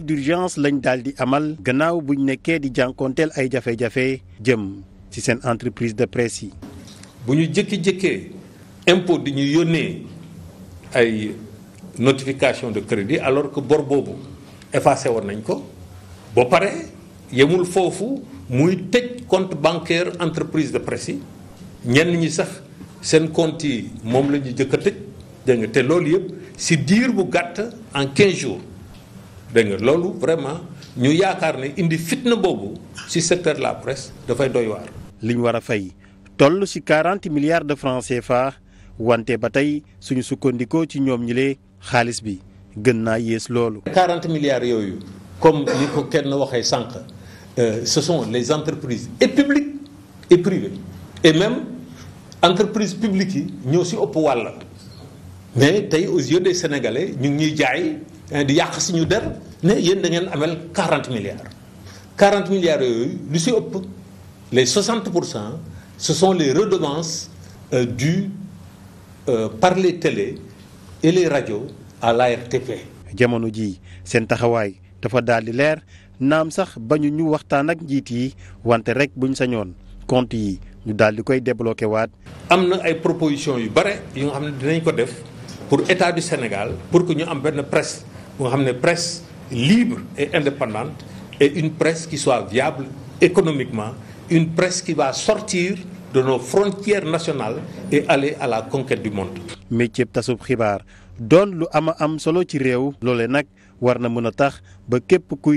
d'urgence lañ daal di amal gannaaw buñ nekkee di jànkoonteel ay jafe-jafe jëm ci seen entreprise de presse yi. bu ñu jëkki-jëkkee impot di ñu yónnee ay notification de crédit alors que bor boobu effacé woon nañ ko ba pare yemul foofu muy tëj compte bancaire entreprise de presse yi ñenn ñi sax seen compte yi moom la ñu jëkk a tëj dégg te loolu yëpp si diir bu gàtt en 15 jours. dégg nga loolu vraiment ñu yaakaar ne indi fitna boobu ci secteur la presse dafay doy waar. li ñu war a fay toll ci 40 milliards de francs CFA wante ba tey suñu sukkandikoo ci ñoom ñile xaalis bi gën naa yées loolu. 40 milliards yooyu comme ni ko kenn waxee sànq euh, ce sont les entreprises et publiques et privées et même entreprises publiques yi ñoo si ëpp wàll mais tey aux yeux des sénégalais ñu ngi ñuy jaay. Eh, di yàq suñu der ne yéen da ngeen amel 40 milliards 40 yooyu lu si ëpp les 60 pour cent ce sont les redevances euh, dues euh, par les télé et les radios à l'ARTP jamono jii seen taxawaay dafa daal di leer naam sax bañu ñu waxtaan ak njiit yi wante rek buñ sañoon kont yi ñu daal di koy débloqué waat. am na ay propositions yu bare yu nga xam ne dinañ ko def pour état du Sénégal pour que ñu am benn presse. bu nga xam ne presse libre et indépendante et une presse qui soit viable économiquement une presse qui va sortir de nos frontières nationales et aller à la conquête du monde. métier tasub xibaar doon lu ama am solo ci réew. loole nag war na mën a tax ba képp kuy.